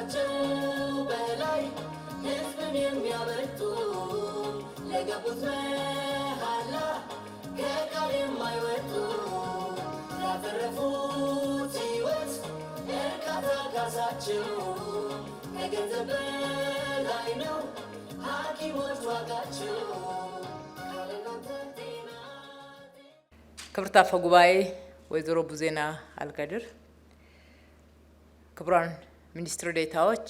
ከራሳቸው በላይ ሕዝብን የሚያበርቱ ለገቡት መሃላ ከቃል የማይወጡ ላተረፉት ሕይወት እርካታ ካሳቸው ከገንዘብ በላይ ነው ሐኪሞች ዋጋቸው። ክብርት አፈ ጉባኤ ወይዘሮ ቡዜና አልከድር ክቡራን ሚኒስትር ዴታዎች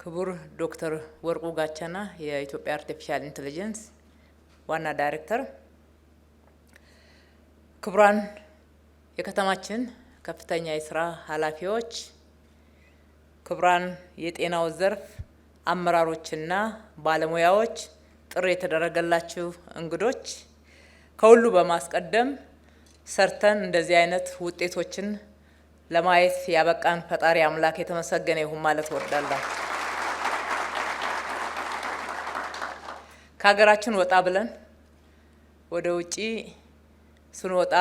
ክቡር ዶክተር ወርቁ ጋቻና የኢትዮጵያ አርቲፊሻል ኢንቴሊጀንስ ዋና ዳይሬክተር፣ ክቡራን የከተማችን ከፍተኛ የስራ ኃላፊዎች፣ ክቡራን የጤናው ዘርፍ አመራሮችና ባለሙያዎች፣ ጥሪ የተደረገላችሁ እንግዶች፣ ከሁሉ በማስቀደም ሰርተን እንደዚህ አይነት ውጤቶችን ለማየት ያበቃን ፈጣሪ አምላክ የተመሰገነ ይሁን ማለት እወዳለሁ። ከሀገራችን ወጣ ብለን ወደ ውጭ ስንወጣ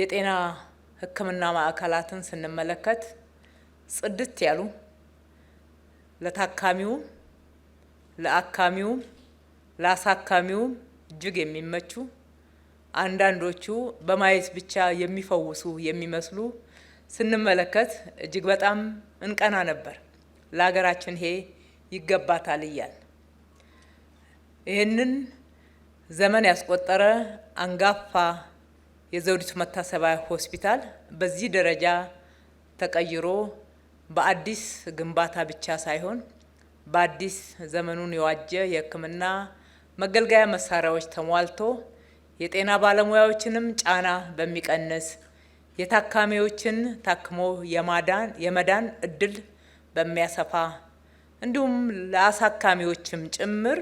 የጤና ሕክምና ማዕከላትን ስንመለከት ጽድት ያሉ ለታካሚውም ለአካሚውም ለአሳካሚውም እጅግ የሚመቹ አንዳንዶቹ በማየት ብቻ የሚፈውሱ የሚመስሉ ስንመለከት እጅግ በጣም እንቀና ነበር። ለሀገራችን ይሄ ይገባታል እያል ይህንን ዘመን ያስቆጠረ አንጋፋ የዘውዲቱ መታሰቢያ ሆስፒታል በዚህ ደረጃ ተቀይሮ በአዲስ ግንባታ ብቻ ሳይሆን በአዲስ ዘመኑን የዋጀ የሕክምና መገልገያ መሳሪያዎች ተሟልቶ የጤና ባለሙያዎችንም ጫና በሚቀንስ የታካሚዎችን ታክሞ የማዳን የመዳን እድል በሚያሰፋ እንዲሁም ለአሳካሚዎችም ጭምር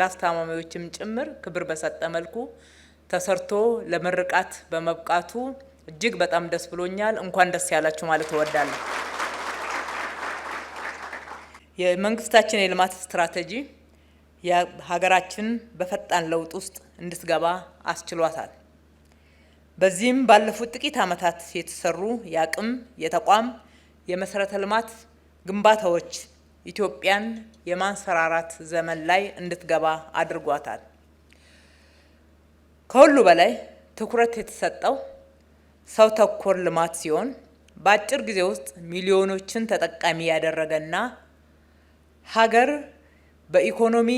ለአስታማሚዎችም ጭምር ክብር በሰጠ መልኩ ተሰርቶ ለምርቃት በመብቃቱ እጅግ በጣም ደስ ብሎኛል። እንኳን ደስ ያላችሁ ማለት እወዳለሁ። የመንግስታችን የልማት ስትራቴጂ ሀገራችን በፈጣን ለውጥ ውስጥ እንድትገባ አስችሏታል። በዚህም ባለፉት ጥቂት ዓመታት የተሰሩ የአቅም፣ የተቋም፣ የመሰረተ ልማት ግንባታዎች ኢትዮጵያን የማንሰራራት ዘመን ላይ እንድትገባ አድርጓታል። ከሁሉ በላይ ትኩረት የተሰጠው ሰው ተኮር ልማት ሲሆን በአጭር ጊዜ ውስጥ ሚሊዮኖችን ተጠቃሚ ያደረገና ሀገር በኢኮኖሚ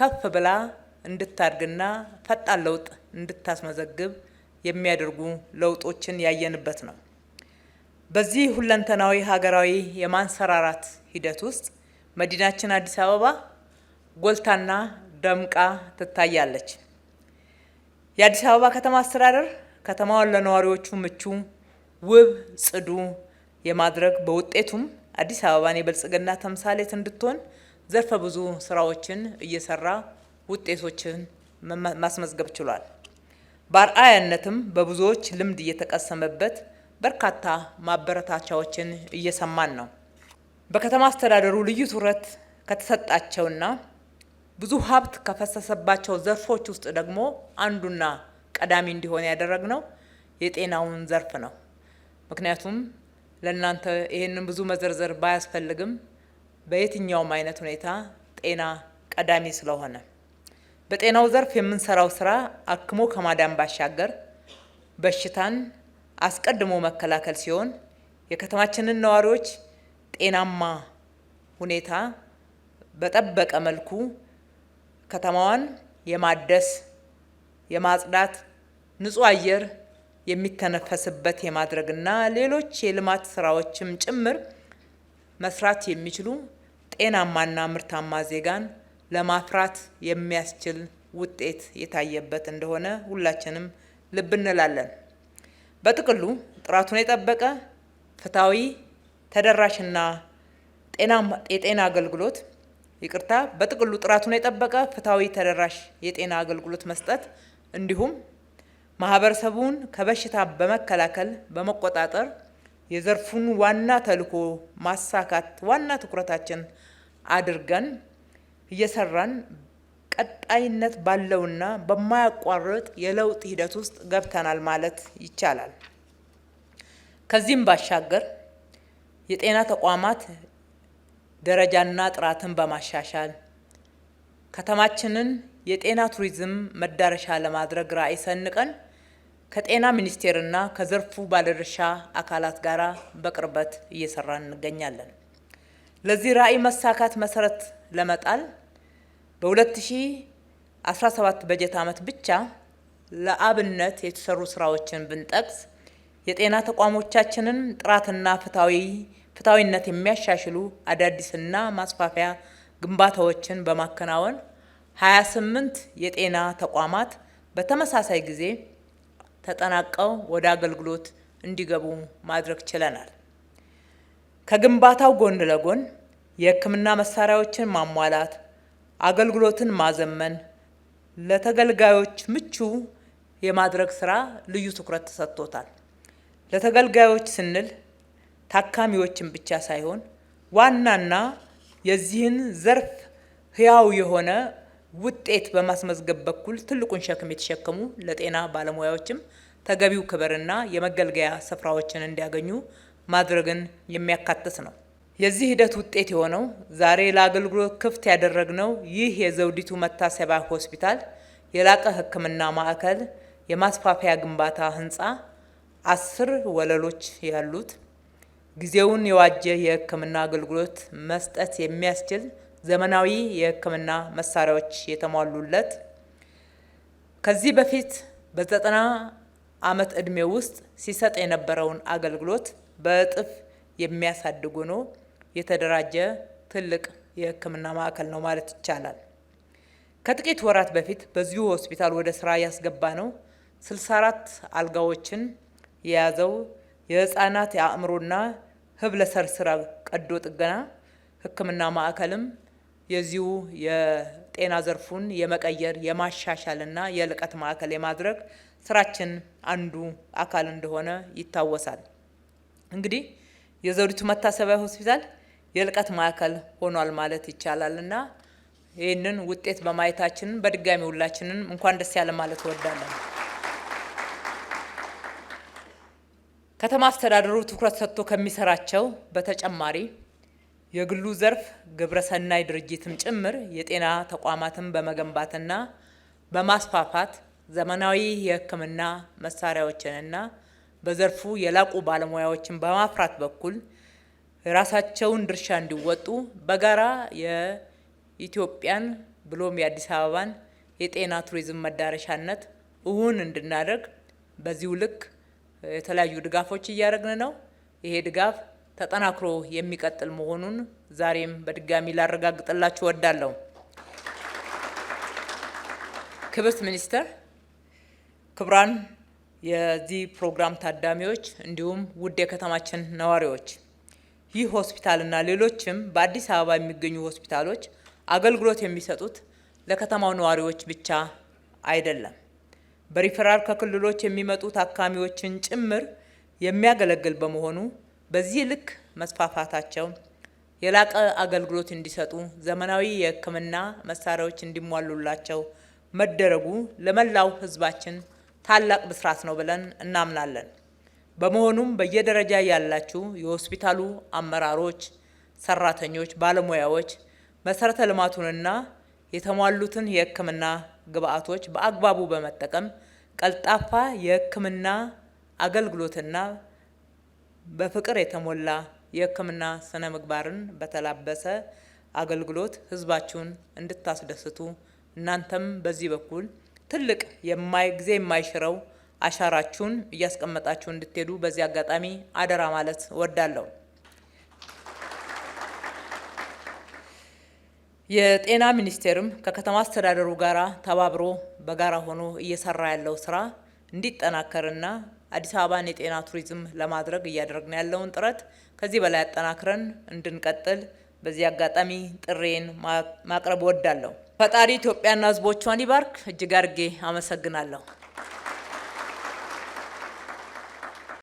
ከፍ ብላ እንድታድግና ፈጣን ለውጥ እንድታስመዘግብ የሚያደርጉ ለውጦችን ያየንበት ነው። በዚህ ሁለንተናዊ ሀገራዊ የማንሰራራት ሂደት ውስጥ መዲናችን አዲስ አበባ ጎልታና ደምቃ ትታያለች። የአዲስ አበባ ከተማ አስተዳደር ከተማዋን ለነዋሪዎቹ ምቹ፣ ውብ፣ ጽዱ የማድረግ በውጤቱም አዲስ አበባን የብልጽግና ተምሳሌት እንድትሆን ዘርፈ ብዙ ስራዎችን እየሰራ ውጤቶችን ማስመዝገብ ችሏል። በአርአያነትም በብዙዎች ልምድ እየተቀሰመበት በርካታ ማበረታቻዎችን እየሰማን ነው። በከተማ አስተዳደሩ ልዩ ትኩረት ከተሰጣቸውና ብዙ ሀብት ከፈሰሰባቸው ዘርፎች ውስጥ ደግሞ አንዱና ቀዳሚ እንዲሆን ያደረግነው የጤናውን ዘርፍ ነው። ምክንያቱም ለእናንተ ይህንን ብዙ መዘርዘር ባያስፈልግም በየትኛውም አይነት ሁኔታ ጤና ቀዳሚ ስለሆነ በጤናው ዘርፍ የምንሰራው ስራ አክሞ ከማዳን ባሻገር በሽታን አስቀድሞ መከላከል ሲሆን የከተማችንን ነዋሪዎች ጤናማ ሁኔታ በጠበቀ መልኩ ከተማዋን የማደስ የማጽዳት፣ ንጹህ አየር የሚተነፈስበት የማድረግና ሌሎች የልማት ስራዎችም ጭምር መስራት የሚችሉ ጤናማና ምርታማ ዜጋን ለማፍራት የሚያስችል ውጤት የታየበት እንደሆነ ሁላችንም ልብ እንላለን። በጥቅሉ ጥራቱን የጠበቀ ፍትሐዊ፣ ተደራሽና የጤና አገልግሎት ይቅርታ፣ በጥቅሉ ጥራቱን የጠበቀ ፍትሐዊ፣ ተደራሽ የጤና አገልግሎት መስጠት እንዲሁም ማህበረሰቡን ከበሽታ በመከላከል በመቆጣጠር የዘርፉን ዋና ተልዕኮ ማሳካት ዋና ትኩረታችን አድርገን እየሰራን ቀጣይነት ባለውና በማያቋርጥ የለውጥ ሂደት ውስጥ ገብተናል ማለት ይቻላል። ከዚህም ባሻገር የጤና ተቋማት ደረጃና ጥራትን በማሻሻል ከተማችንን የጤና ቱሪዝም መዳረሻ ለማድረግ ራዕይ ሰንቀን ከጤና ሚኒስቴርና ከዘርፉ ባለድርሻ አካላት ጋር በቅርበት እየሰራን እንገኛለን። ለዚህ ራዕይ መሳካት መሰረት ለመጣል በ2017 በጀት ዓመት ብቻ ለአብነት የተሰሩ ስራዎችን ብንጠቅስ የጤና ተቋሞቻችንን ጥራትና ፍትሐዊ ፍትሐዊነት የሚያሻሽሉ አዳዲስና ማስፋፊያ ግንባታዎችን በማከናወን 28 የጤና ተቋማት በተመሳሳይ ጊዜ ተጠናቀው ወደ አገልግሎት እንዲገቡ ማድረግ ችለናል። ከግንባታው ጎን ለጎን የሕክምና መሳሪያዎችን ማሟላት፣ አገልግሎትን ማዘመን፣ ለተገልጋዮች ምቹ የማድረግ ስራ ልዩ ትኩረት ተሰጥቶታል። ለተገልጋዮች ስንል ታካሚዎችን ብቻ ሳይሆን ዋናና የዚህን ዘርፍ ህያው የሆነ ውጤት በማስመዝገብ በኩል ትልቁን ሸክም የተሸከሙ ለጤና ባለሙያዎችም ተገቢው ክብርና የመገልገያ ስፍራዎችን እንዲያገኙ ማድረግን የሚያካትት ነው። የዚህ ሂደት ውጤት የሆነው ዛሬ ለአገልግሎት ክፍት ያደረግነው ይህ የዘውዲቱ መታሰቢያ ሆስፒታል የላቀ ሕክምና ማዕከል የማስፋፊያ ግንባታ ህንፃ አስር ወለሎች ያሉት ጊዜውን የዋጀ የሕክምና አገልግሎት መስጠት የሚያስችል ዘመናዊ የሕክምና መሳሪያዎች የተሟሉለት ከዚህ በፊት በዘጠና ዓመት ዕድሜ ውስጥ ሲሰጥ የነበረውን አገልግሎት በእጥፍ የሚያሳድጉ ነው። የተደራጀ ትልቅ የህክምና ማዕከል ነው ማለት ይቻላል። ከጥቂት ወራት በፊት በዚሁ ሆስፒታል ወደ ስራ ያስገባ ነው 64 አልጋዎችን የያዘው የህፃናት የአእምሮና ህብለ ሰረሰር ቀዶ ጥገና ህክምና ማዕከልም የዚሁ የጤና ዘርፉን የመቀየር የማሻሻልና የልቀት ማዕከል የማድረግ ስራችን አንዱ አካል እንደሆነ ይታወሳል። እንግዲህ የዘውዲቱ መታሰቢያ ሆስፒታል የልቀት ማዕከል ሆኗል ማለት ይቻላል እና ይህንን ውጤት በማየታችን በድጋሚ ሁላችንን እንኳን ደስ ያለ ማለት እወዳለን። ከተማ አስተዳደሩ ትኩረት ሰጥቶ ከሚሰራቸው በተጨማሪ የግሉ ዘርፍ ግብረሰናይ ድርጅትም ጭምር የጤና ተቋማትን በመገንባትና በማስፋፋት ዘመናዊ የሕክምና መሳሪያዎችንና በዘርፉ የላቁ ባለሙያዎችን በማፍራት በኩል የራሳቸውን ድርሻ እንዲወጡ በጋራ የኢትዮጵያን ብሎም የአዲስ አበባን የጤና ቱሪዝም መዳረሻነት እውን እንድናደርግ በዚሁ ልክ የተለያዩ ድጋፎች እያደረግን ነው። ይሄ ድጋፍ ተጠናክሮ የሚቀጥል መሆኑን ዛሬም በድጋሚ ላረጋግጥላችሁ እወዳለሁ። ክብርት ሚኒስተር፣ ክቡራን የዚህ ፕሮግራም ታዳሚዎች እንዲሁም ውድ የከተማችን ነዋሪዎች ይህ ሆስፒታልና ሌሎችም በአዲስ አበባ የሚገኙ ሆስፒታሎች አገልግሎት የሚሰጡት ለከተማው ነዋሪዎች ብቻ አይደለም። በሪፈራል ከክልሎች የሚመጡ ታካሚዎችን ጭምር የሚያገለግል በመሆኑ በዚህ ልክ መስፋፋታቸው የላቀ አገልግሎት እንዲሰጡ ዘመናዊ የሕክምና መሳሪያዎች እንዲሟሉላቸው መደረጉ ለመላው ሕዝባችን ታላቅ ብስራት ነው ብለን እናምናለን። በመሆኑም በየደረጃ ያላችሁ የሆስፒታሉ አመራሮች፣ ሰራተኞች፣ ባለሙያዎች መሰረተ ልማቱንና የተሟሉትን የሕክምና ግብአቶች በአግባቡ በመጠቀም ቀልጣፋ የሕክምና አገልግሎትና በፍቅር የተሞላ የሕክምና ስነ ምግባርን በተላበሰ አገልግሎት ህዝባችሁን እንድታስደስቱ እናንተም በዚህ በኩል ትልቅ ጊዜ የማይሽረው አሻራችሁን እያስቀመጣችሁ እንድትሄዱ በዚህ አጋጣሚ አደራ ማለት እወዳለሁ። የጤና ሚኒስቴርም ከከተማ አስተዳደሩ ጋር ተባብሮ በጋራ ሆኖ እየሰራ ያለው ስራ እንዲጠናከርና አዲስ አበባን የጤና ቱሪዝም ለማድረግ እያደረግን ያለውን ጥረት ከዚህ በላይ አጠናክረን እንድንቀጥል በዚህ አጋጣሚ ጥሬን ማቅረብ እወዳለሁ። ፈጣሪ ኢትዮጵያና ሕዝቦቿን ይባርክ። እጅግ አርጌ አመሰግናለሁ።